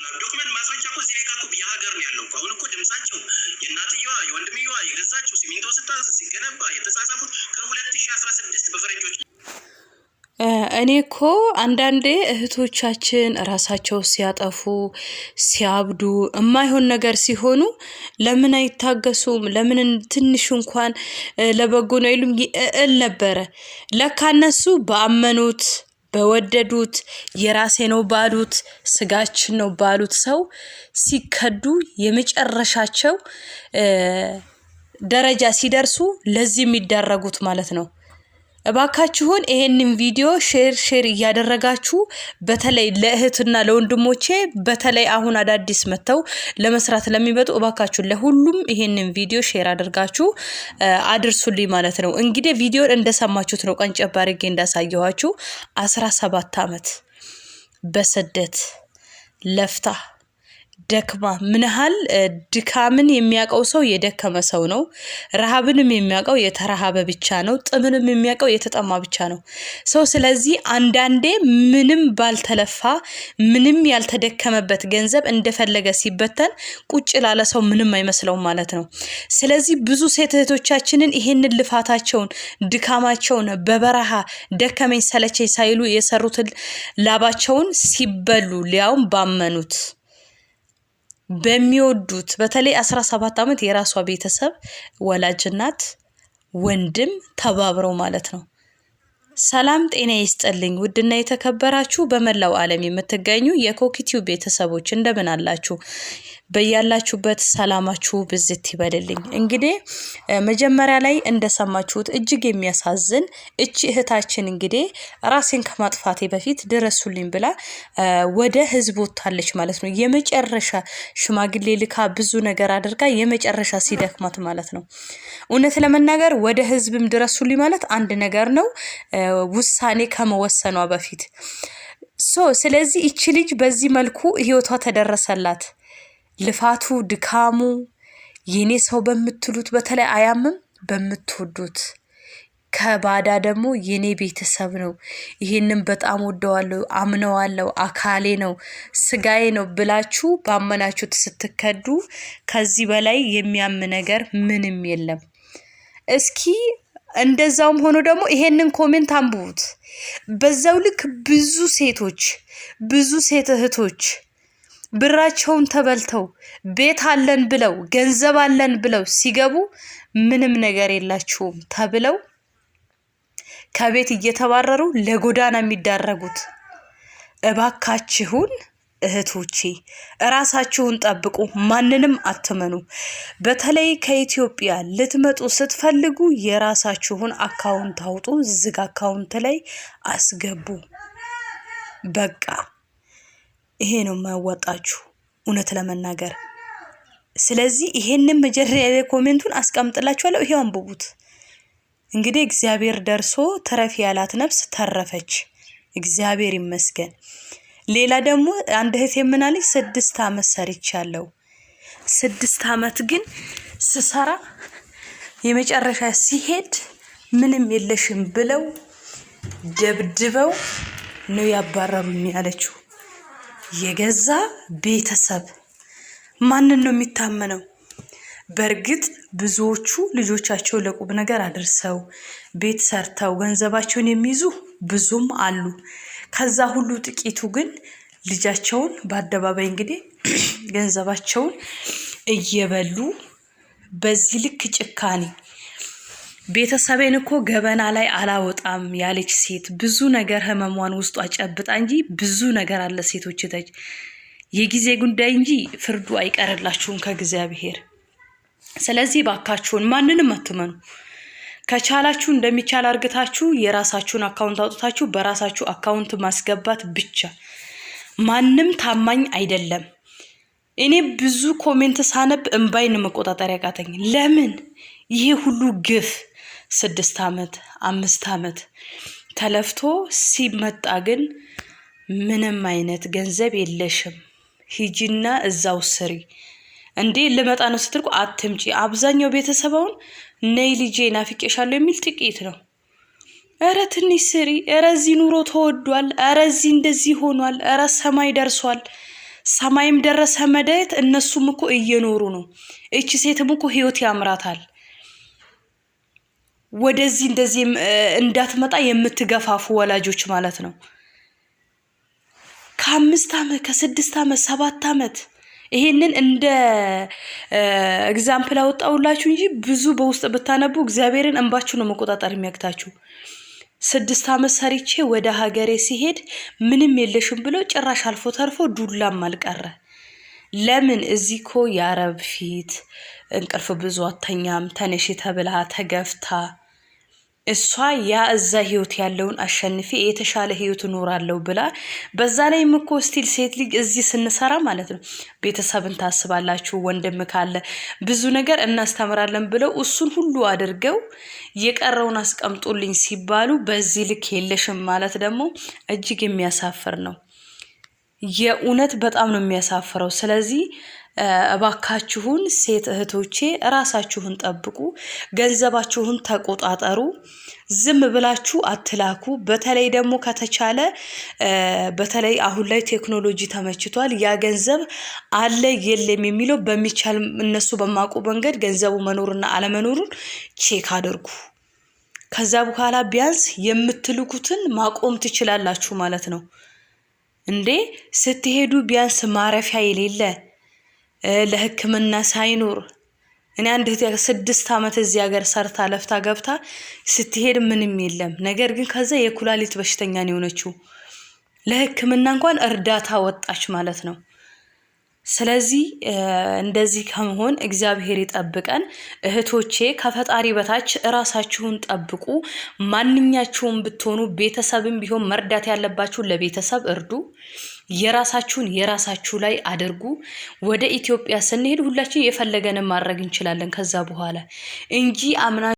ብላል። ዶክመንት ማስረጃ እኮ እዚህ ጋ የሀገር ነው ያለው። አሁን እኮ ድምጻቸው የእናትየዋ የወንድምየዋ የገዛቸው ሲሚንቶ ስታ ሲገነባ የተጻጻፉት ከሁለት ሺ አስራ ስድስት በፈረንጆች እኔ እኮ አንዳንዴ እህቶቻችን ራሳቸው ሲያጠፉ ሲያብዱ የማይሆን ነገር ሲሆኑ ለምን አይታገሱም? ለምን ትንሽ እንኳን ለበጎ ነው ይሉም እል ነበረ ለካ እነሱ በአመኑት በወደዱት የራሴ ነው ባሉት ስጋችን ነው ባሉት ሰው ሲከዱ የመጨረሻቸው ደረጃ ሲደርሱ ለዚህ የሚዳረጉት ማለት ነው። እባካችሁን ይሄንን ቪዲዮ ሼር ሼር እያደረጋችሁ በተለይ ለእህትና ለወንድሞቼ በተለይ አሁን አዳዲስ መጥተው ለመስራት ለሚመጡ እባካችሁን ለሁሉም ይሄንን ቪዲዮ ሼር አድርጋችሁ አድርሱልኝ ማለት ነው። እንግዲህ ቪዲዮን እንደሰማችሁት ነው። ቀንጨብ አድርጌ እንዳሳየኋችሁ አስራ ሰባት ዓመት በስደት ለፍታ ደክማ ምን ያህል ድካምን የሚያውቀው ሰው የደከመ ሰው ነው። ረሃብንም የሚያውቀው የተረሃበ ብቻ ነው። ጥምንም የሚያውቀው የተጠማ ብቻ ነው ሰው። ስለዚህ አንዳንዴ ምንም ባልተለፋ ምንም ያልተደከመበት ገንዘብ እንደፈለገ ሲበተን ቁጭ ላለ ሰው ምንም አይመስለውም ማለት ነው። ስለዚህ ብዙ ሴት እህቶቻችንን ይሄንን ልፋታቸውን ድካማቸውን በበረሃ ደከመኝ ሰለቸኝ ሳይሉ የሰሩትን ላባቸውን ሲበሉ ሊያውም ባመኑት በሚወዱት በተለይ 17 ዓመት የራሷ ቤተሰብ ወላጅናት ወንድም ተባብረው ማለት ነው። ሰላም ጤና ይስጥልኝ። ውድና የተከበራችሁ በመላው ዓለም የምትገኙ የኮክቲው ቤተሰቦች እንደምን አላችሁ? በያላችሁበት ሰላማችሁ ብዝት ይበልልኝ። እንግዲህ መጀመሪያ ላይ እንደሰማችሁት እጅግ የሚያሳዝን እቺ እህታችን እንግዲህ ራሴን ከማጥፋቴ በፊት ድረሱልኝ ብላ ወደ ህዝብ ወጥታለች ማለት ነው። የመጨረሻ ሽማግሌ ልካ ብዙ ነገር አድርጋ የመጨረሻ ሲደክማት ማለት ነው። እውነት ለመናገር ወደ ህዝብም ድረሱልኝ ማለት አንድ ነገር ነው። ውሳኔ ከመወሰኗ በፊት ሶ ስለዚህ ይቺ ልጅ በዚህ መልኩ ህይወቷ ተደረሰላት። ልፋቱ፣ ድካሙ የኔ ሰው በምትሉት በተለይ አያምም በምትወዱት ከባዳ ደግሞ የኔ ቤተሰብ ነው፣ ይህንም በጣም ወደዋለሁ፣ አምነዋለሁ፣ አካሌ ነው፣ ስጋዬ ነው ብላችሁ ባመናችሁት ስትከዱ ከዚህ በላይ የሚያም ነገር ምንም የለም። እስኪ እንደዛውም ሆኖ ደግሞ ይሄንን ኮሜንት አንብቡት። በዛው ልክ ብዙ ሴቶች ብዙ ሴት እህቶች ብራቸውን ተበልተው ቤት አለን ብለው ገንዘብ አለን ብለው ሲገቡ ምንም ነገር የላችሁም ተብለው ከቤት እየተባረሩ ለጎዳና የሚዳረጉት እባካችሁን እህቶቼ እራሳችሁን ጠብቁ፣ ማንንም አትመኑ። በተለይ ከኢትዮጵያ ልትመጡ ስትፈልጉ የራሳችሁን አካውንት አውጡ፣ ዝግ አካውንት ላይ አስገቡ። በቃ ይሄ ነው የማያዋጣችሁ እውነት ለመናገር ስለዚህ ይሄንን መጀመሪያ ላይ ኮሜንቱን አስቀምጥላችኋለሁ። ይሄው አንብቡት። እንግዲህ እግዚአብሔር ደርሶ ተረፊ ያላት ነፍስ ተረፈች። እግዚአብሔር ይመስገን። ሌላ ደግሞ አንድ እህት የምናለች ስድስት አመት ሰርቻለሁ። ስድስት አመት ግን ስሰራ የመጨረሻ ሲሄድ ምንም የለሽም ብለው ደብድበው ነው ያባረሩኝ ያለችው። የገዛ ቤተሰብ ማንን ነው የሚታመነው? በእርግጥ ብዙዎቹ ልጆቻቸው ለቁብ ነገር አድርሰው ቤት ሰርተው ገንዘባቸውን የሚይዙ ብዙም አሉ። ከዛ ሁሉ ጥቂቱ ግን ልጃቸውን በአደባባይ እንግዲህ ገንዘባቸውን እየበሉ በዚህ ልክ ጭካኔ ቤተሰቤን እኮ ገበና ላይ አላወጣም ያለች ሴት ብዙ ነገር ህመሟን ውስጧ ጨብጣ እንጂ ብዙ ነገር አለ። ሴቶች ተች የጊዜ ጉዳይ እንጂ ፍርዱ አይቀርላችሁም ከእግዚአብሔር። ስለዚህ ባካችሁን ማንንም አትመኑ። ከቻላችሁ እንደሚቻል አርግታችሁ የራሳችሁን አካውንት አውጥታችሁ በራሳችሁ አካውንት ማስገባት ብቻ። ማንም ታማኝ አይደለም። እኔ ብዙ ኮሜንት ሳነብ እምባይን መቆጣጠር ያቃተኝ። ለምን ይሄ ሁሉ ግፍ ስድስት ዓመት አምስት ዓመት ተለፍቶ ሲመጣ ግን ምንም አይነት ገንዘብ የለሽም፣ ሂጂና እዛው ስሪ እንዴ ልመጣ ነው ስትልኩ አትምጪ። አብዛኛው ቤተሰባውን ነይ ልጄ ናፍቄሻለሁ የሚል ጥቂት ነው። እረ ትንሽ ስሪ፣ እረ እዚህ ኑሮ ተወዷል፣ እረ እዚህ እንደዚህ ሆኗል፣ እረ ሰማይ ደርሷል፣ ሰማይም ደረሰ መዳየት። እነሱም እኮ እየኖሩ ነው። እቺ ሴትም እኮ ህይወት ያምራታል ወደዚህ እንደዚህ እንዳትመጣ የምትገፋፉ ወላጆች ማለት ነው። ከአምስት ዓመት ከስድስት ዓመት ሰባት ዓመት ይሄንን እንደ ኤግዛምፕል አወጣውላችሁ እንጂ ብዙ በውስጥ ብታነቡ እግዚአብሔርን እንባችሁ ነው መቆጣጠር የሚያግታችሁ። ስድስት ዓመት ሰርቼ ወደ ሀገሬ ሲሄድ ምንም የለሽም ብሎ ጭራሽ አልፎ ተርፎ ዱላም አልቀረ። ለምን እዚህ ኮ የአረብ ፊት እንቅልፍ ብዙ አተኛም፣ ተነሽ ተብላ ተገፍታ እሷ ያ እዛ ህይወት ያለውን አሸንፌ የተሻለ ህይወት እኖራለሁ ብላ በዛ ላይ ምኮ ስቲል ሴት ልጅ እዚህ ስንሰራ ማለት ነው ቤተሰብን ታስባላችሁ፣ ወንድም ካለ ብዙ ነገር እናስተምራለን ብለው እሱን ሁሉ አድርገው የቀረውን አስቀምጦልኝ ሲባሉ በዚህ ልክ የለሽም ማለት ደግሞ እጅግ የሚያሳፍር ነው። የእውነት በጣም ነው የሚያሳፍረው። ስለዚህ እባካችሁን ሴት እህቶቼ እራሳችሁን ጠብቁ፣ ገንዘባችሁን ተቆጣጠሩ፣ ዝም ብላችሁ አትላኩ። በተለይ ደግሞ ከተቻለ በተለይ አሁን ላይ ቴክኖሎጂ ተመችቷል። ያ ገንዘብ አለ የለም የሚለው በሚቻል እነሱ በማቁ መንገድ ገንዘቡ መኖርና አለመኖሩን ቼክ አድርጉ። ከዛ በኋላ ቢያንስ የምትልኩትን ማቆም ትችላላችሁ ማለት ነው። እንዴ ስትሄዱ ቢያንስ ማረፊያ የሌለ ለሕክምና ሳይኖር እኔ አንድ ስድስት ዓመት እዚህ ሀገር ሰርታ ለፍታ ገብታ ስትሄድ ምንም የለም። ነገር ግን ከዛ የኩላሊት በሽተኛ ነው የሆነችው። ለሕክምና እንኳን እርዳታ ወጣች ማለት ነው። ስለዚህ እንደዚህ ከመሆን እግዚአብሔር ይጠብቀን። እህቶቼ ከፈጣሪ በታች እራሳችሁን ጠብቁ። ማንኛችሁም ብትሆኑ ቤተሰብም ቢሆን መርዳት ያለባችሁ ለቤተሰብ እርዱ። የራሳችሁን የራሳችሁ ላይ አድርጉ። ወደ ኢትዮጵያ ስንሄድ ሁላችን የፈለገንን ማድረግ እንችላለን ከዛ በኋላ እንጂ አምና